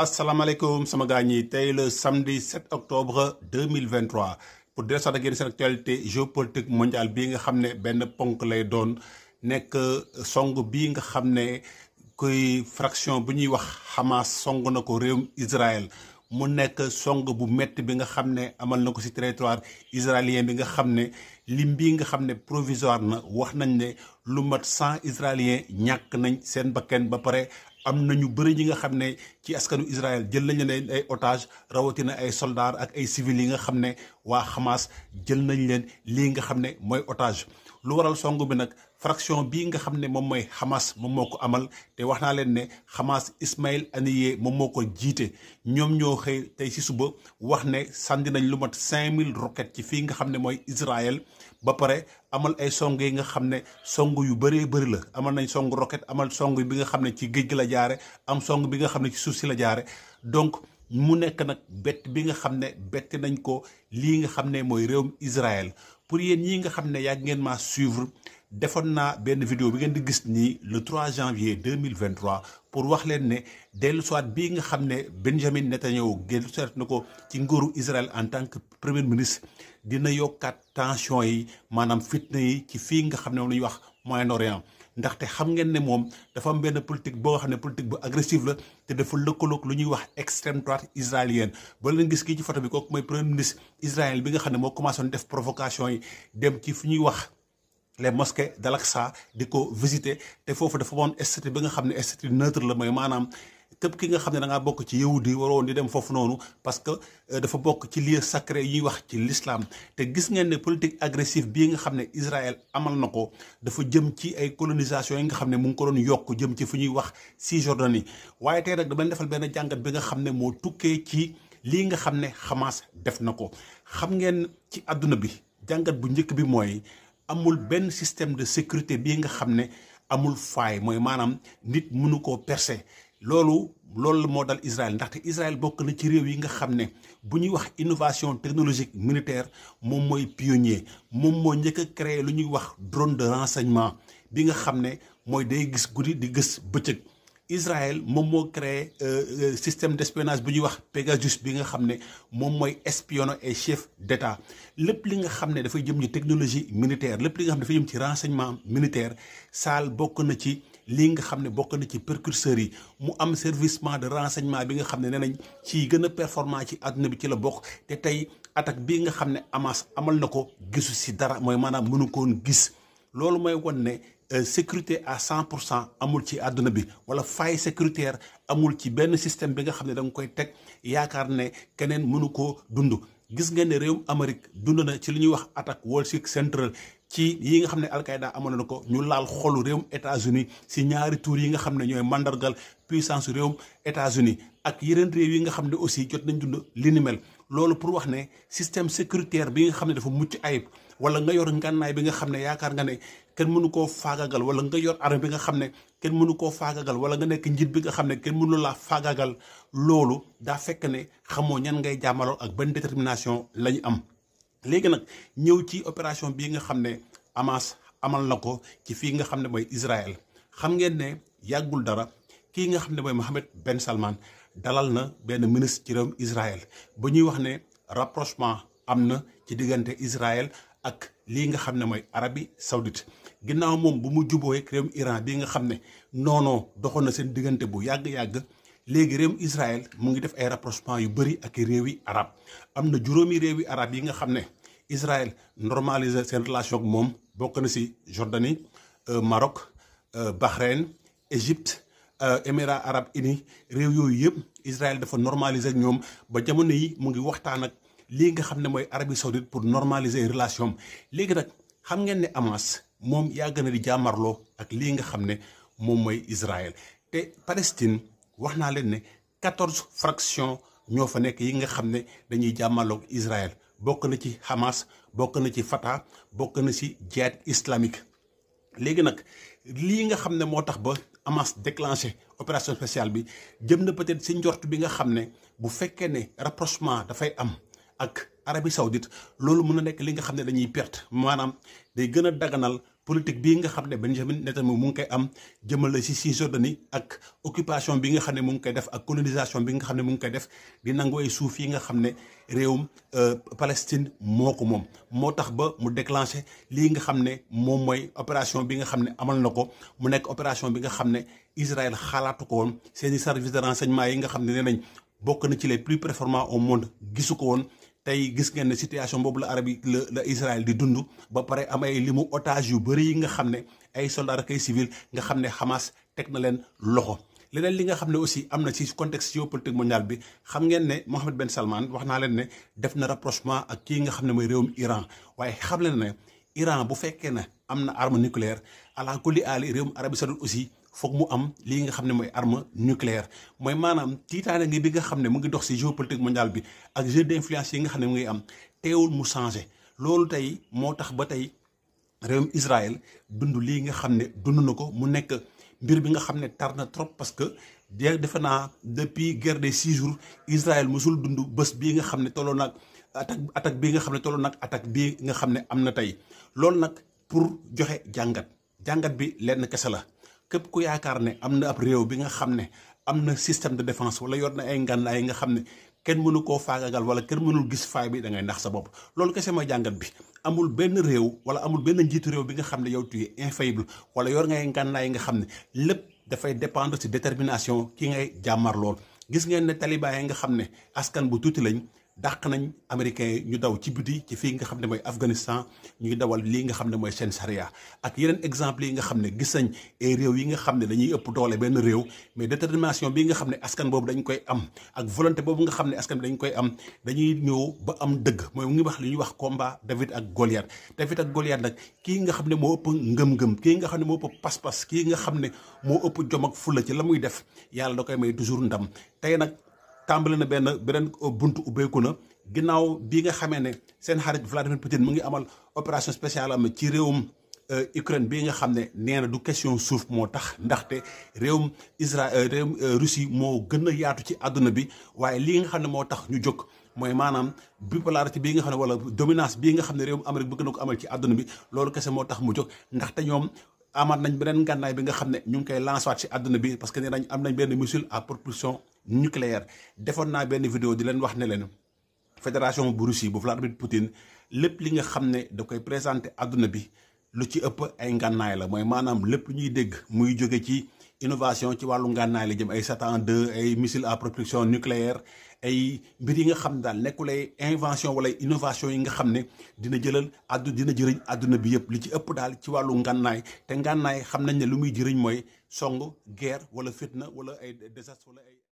asalaamaaleykum sama gars ñi tey le samedi 7 octobre 2023 pour delloo sax ak yéen seen actualité géopolitique mondiale bi nga xam ne benn ponk lay doon nekk euh, song bii nga xam ne kuy fraction bu ñuy wax Hamas song na ko réew Israël mu nekk song bu métti bi nga xam ne amal na ko si territoire israélien bi nga xam ne lim bii nga xam ne provisoire na wax nañ ne lu mat cent israélien ñàkk nañ seen bakken ba pare am na ñu bëri ñi nga xam ne ci askanu Israël jël nañ leen ay otage rawatina ay soldats ak ay civils yi nga xam ne waa Hamas jël nañ leen lii nga xam ne mooy otage lu waral song bi nag fraction bii nga xam ne moom mooy Hamas moom moo ko amal te wax naa leen ne Hamas Ismaël Haniyeh moom moo ko jiite ñoom ñoo xëy tey ci suba wax ne sànni nañ lu mat 5000 roquettes ci fii nga xam ne mooy Israël ba pare amal ay song yi nga xam ne song yu bëree bëri la amal nañ song roquette amal song bi nga xam ne ci géej gi la jaare am song bi nga xam ne ci suuf si la jaare donc mu nekk nag bett bi nga xam ne bett nañ ko lii nga xam ne mooy réewum Israël pour yéen ñi nga xam ne yàgg ngeen maa suivre defoon naa benn vidéo bi ngeen di gis nii le 3 janvier 2023 pour wax leen ne dellu soit bii nga xam ne Benjamin Netanyahu dellu soit na ko ci nguuru Israël en tant que premier ministre dina yokkat tension yi maanaam fitna yi ci fii nga xam ne moom la ñuy wax Moyen-Orient ndaxte xam ngeen ne moom dafa am benn politique boo xam ne politique bu agressive la te dafa lëkkaloog lu ñuy wax extrême droite israélienne ba leen gis kii ci foto bi kooku mooy premier ministre israël bi nga xam ne moo commencé woon def provocation yi dem ci fu ñuy wax les mosquées d'Al-Aqsa di ko visiter te foofu dafa moon statut ba nga xam ne statut neutre la mooy maanaam képp ki nga xam ne da bokk ci yahudi waroon di dem foofu noonu parce que euh, dafa bokk ci lieu sacré ñuy wax ci lislaam te gis ngeen ne politique agressive bii nga xam ne Israël amal na ko dafa jëm ci ay colonisation yi nga xam ne mu ngi ko doon yokk jëm ci fu ñuy wax Cisjordanie waaye tey nag dama defal benn jàngat bi nga xam ne moo tukkee ci lii nga xam ne Hamas def na ko xam ngeen ci àdduna bi jàngat bu njëkk bi mooy amul benn système de sécurité bii nga xam ne amul faay mooy maanaam nit mënu koo percer loolu loolu moo dal Israël ndaxte Israël bokk na ci réew yi nga xam ne bu ñuy wax innovation technologique militaire moom mooy pionnier moom moo njëkk a créé lu ñuy wax drone de renseignement bi nga xam ne mooy day gis guddi di gës bëccëg. Israël moom moo créé euh, euh, système d'espionnage bu ñuy wax Pegasus bi nga xam ne moom mooy espionner ay chef d'état lépp li nga xam ne dafay jëm ci technologie militaire lépp li nga xam ne dafay jëm ci renseignement militaire Saal bokk na ci. lii nga xam ne bokk na ci précurseurs yi mu am servicement de renseignement bi nga xam ne nee ci gën a performant ci àdduna bi ci la bokk te tey attaque bii nga xam ne Hamas amal na ko gisu si dara mooy maanaam mënu ko woon gis loolu mooy won ne euh, sécurité à cent pour cent amul ci àdduna bi wala faille sécuritaire amul ci benn système bi nga xam ne da nga koy teg yaakaar ne keneen mënu koo dund gis ngeen ne réew Amérique dund na ci lu ñuy wax attaque Wall Street Central ci yi nga xam ne alqaida amoon na ko ñu laal xolu réewum États-Unis si ñaari tuur yi nga xam ne ñooy mandargal puissance réewum États-Unis ak yeneen réew yi nga xam ne aussi jot nañ dund li loolu pour wax ne système sécuritaire bi nga xam ne dafa mucc ayib wala nga yor ngànnaay bi nga xam ne yaakaar nga ne kenn mënu koo faagagal wala nga yor arme bi nga xam ne kenn mënu koo faagagal wala nga nekk njiit bi nga xam ne kenn mënu laa faagagal loolu daa fekk ne xamoo ñan ngay jàmmaloo ak benn détermination la ñu am léegi nag ñëw ci opération bii nga xam ne Hamas amal na ko ci fii nga xam ne mooy Israël xam ngeen ne yàggul dara kii nga xam ne mooy Mohammed Ben Salman dalal na benn ministre ci réewum Israël ba ñuy wax ne rapprochement am na ci diggante Israël ak lii nga xam ne mooy Arabie Saoudite ginnaaw moom bu mu juboo ak réewum Iran bii nga xam ne noonoo doxoon na seen diggante bu yàgg-yàgg léegi réewum Israël mu ngi def ay rapprochement yu bëri ak réew yi arab am na juróomi réew yi arab yi nga xam ne Israël normaliser seen relation moom bokk na si Jordanie euh, Maroc euh, Bahreïn Égypte euh, Émirats arab uni réew yooyu yëpp Israël dafa normaliser ñoom ba jamono yi mu ngi waxtaan ak lii nga xam ne mooy Arabie Saoudite pour normaliser relation léegi nag xam ngeen ne Hamas moom yaa gën di jaamarloo ak lii nga xam ne moom mooy Israël te Palestine. wax naa leen ne quatorze fractions ñoo fa nekk yi nga xam ne dañuy jàmmaloog Israël bokk na ci Hamas bokk na ci Fatah bokk na ci Jihad islamique. léegi nag lii nga xam ne moo tax ba Hamas déclenché opération spéciale bi jëm na peut-être ci njort bi nga xam ne bu fekkee ne rapprochement dafay am ak Arabie Saoudite loolu mun a nekk li nga xam ne dañuy perte maanaam day gën a daganal. politique bii nga xam ne Benjamin Netanyahu mu ngi koy am jëmale si Cisjordanie ak occupation bi nga xam ne mu ngi koy def ak colonisation bi nga xam ne mu ngi koy def di nangu ay suuf yi nga xam ne réewum euh, Palestine moo ko moom moo tax ba mu déclenché lii nga xam ne moom mooy opération bi nga xam ne amal na ko mu nekk opération bi nga xam ne Israël xalaatu ko woon seen i service de renseignement yi nga xam ne nee nañ bokk na ci les plus performants au monde gisu ko woon tey gis ngeen ne situation boobu la arab yi la la di dund ba pare am ay limu otage yu bëri yi nga xam ne ay soldats ak ay nga xam ne Hamas teg na leen loxo. leneen li nga xam ne aussi am na ci contexte géopolitique mondial bi xam ngeen ne Mohammed Ben Salman wax naa leen ne def na rapprochement ak kii nga xam ne mooy réewum Iran waaye xam leen ne Iran bu fekkee na am na arme nucléaire ala kulli aali réewum Arabie Saoudite aussi. foog mu am lii nga xam ne mooy arme nucléaire mooy maanaam tiitaane bi nga xam ne mu ngi dox si géopolitique mondiale bi ak jeu d'influence yi nga xam ne mu ngi am teewul mu changé loolu tey moo tax ba tey réewum Israël dund lii nga xam ne dund na ko mu nekk mbir bi nga xam ne tar na trop parce que defe naa depuis guerre des six jours Israël mosul dundu bés bii nga xam ne tolloo nag attaque attaque bii nga xam ne tolloo nag attaque bii nga xam ne am na tey loolu nag pour joxe jàngat jàngat bi lenn kese la. képp ku yaakaar ne am na ab réew bi nga xam ne am na système de défense wala yoon na ay ngànnaay yi nga xam ne kenn mënu koo faagagal wala kenn mënul gis faay bi dangay ndax sa bopp loolu kese mooy jàngat bi amul benn réew wala amul benn njiitu réew bi nga xam ne yow tu es infaillible wala yor ngay ngànnaay yi nga xam ne lépp dafay dépendre ci détermination ki ngay jàmmar lool gis ngeen ne taliban yi nga xam ne askan bu tuuti lañ dàq nañ américains ñu daw ci biti ci fii nga xam ne mooy Afghanistan ñuy dawal lii nga xam ne mooy seen charia ak yeneen exemple yi nga xam ne gis nañ ay réew yi nga xam ne dañuy ëpp doole benn réew mais détermination bi nga xam ne askan boobu dañ koy am ak volonté boobu nga xam ne askan bi dañ koy am dañuy ñëw ba am dëgg mooy mu ngi wax li ñuy wax combat David ak Goliath David ak Goliath nag kii nga xam ne moo ëpp ngëm-ngëm kii nga xam ne moo ëpp pas-pas kii nga xam ne moo ëpp jom ak fulla la muy def yàlla da koy may toujours ndam tey nag tàmbali na benn beneen euh, buntu ubbeeku na ginnaaw bi nga xamee ne seen xarit Vladimir Poutine mu ngi amal opération spéciale am ci réewum euh, Ukraine bi nga xam ne nee na du question suuf moo tax ndaxte réewum Israël euh, réewum Russie moo gën a yaatu ci àdduna bi waaye lii nga xam ne moo tax ñu jóg. mooy maanaam bipolarité bii nga xam ne wala dominance bii nga xam ne réewum Amérique bëgg na ko amal ci àdduna bi loolu kese moo tax mu jóg ndaxte ñoom amaat nañ beneen ngànnaay bi nga xam ne ñu ngi koy lancewaat ci àdduna bi parce que nee nañ am nañ benn missile à propulsion nucléaire defoon naa benn vidéo di leen wax ne leen fédération bu Russie bu Vladimir Poutine lépp li nga xam ne da koy présenté àdduna bi lu ci ëpp ay ngànnaay la mooy maanaam lépp ñuy dégg muy jóge ci. innovation ci wàllu ngànnaay la jëm ay Satan 2 ay missile à propulsion nucléaire ay mbir yi nga xam daal nekkul ay invention wala innovation yi nga xam ne dina jëlal addu dina jëriñ àdduna bi yëpp li ci ëpp daal ci wàllu ngànnaay te ngànnaay xam nañ ne lu muy jëriñ mooy song guerre wala fitna wala ay désastre wala ay